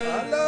Allah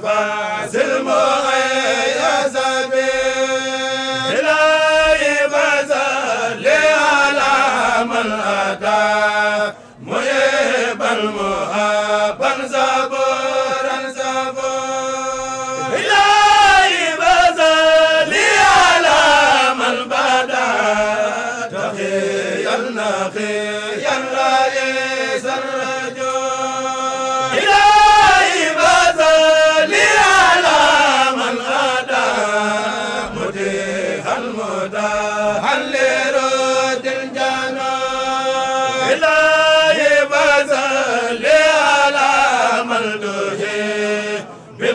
Mustafa bi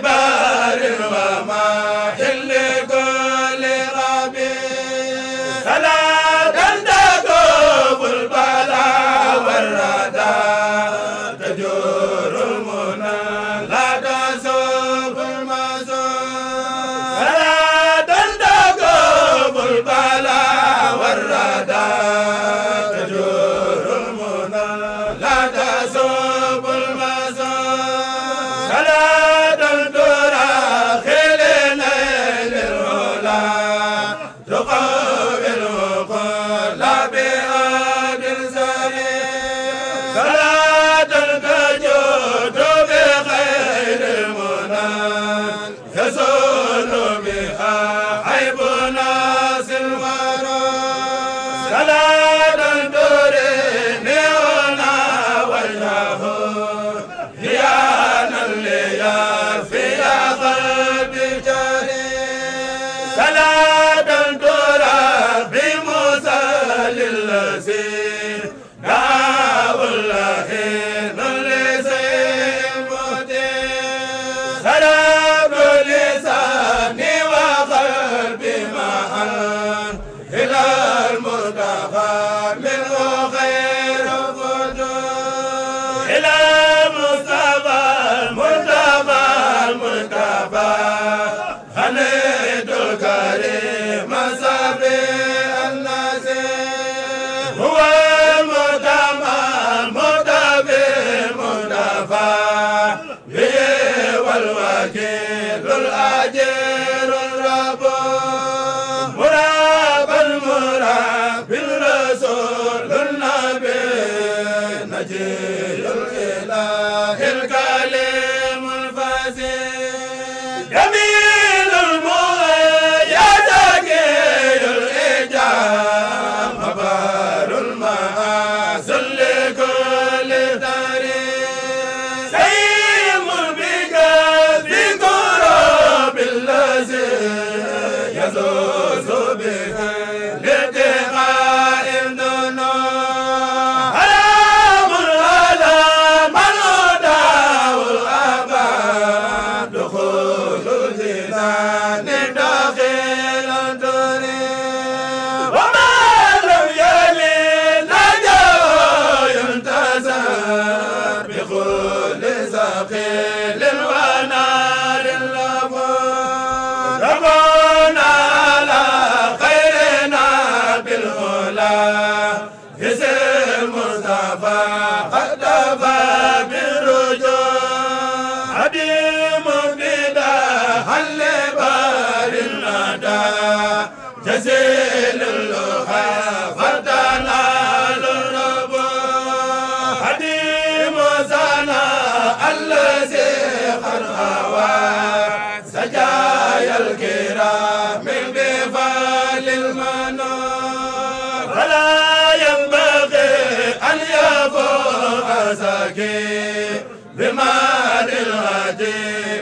jazee باقي بما للهدي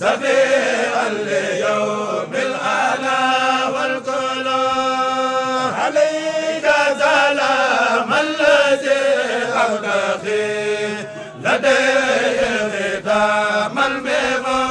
سبيعا ليوم العلا والكلام عليك سلام الذي أبلغي لديه ختام المغفور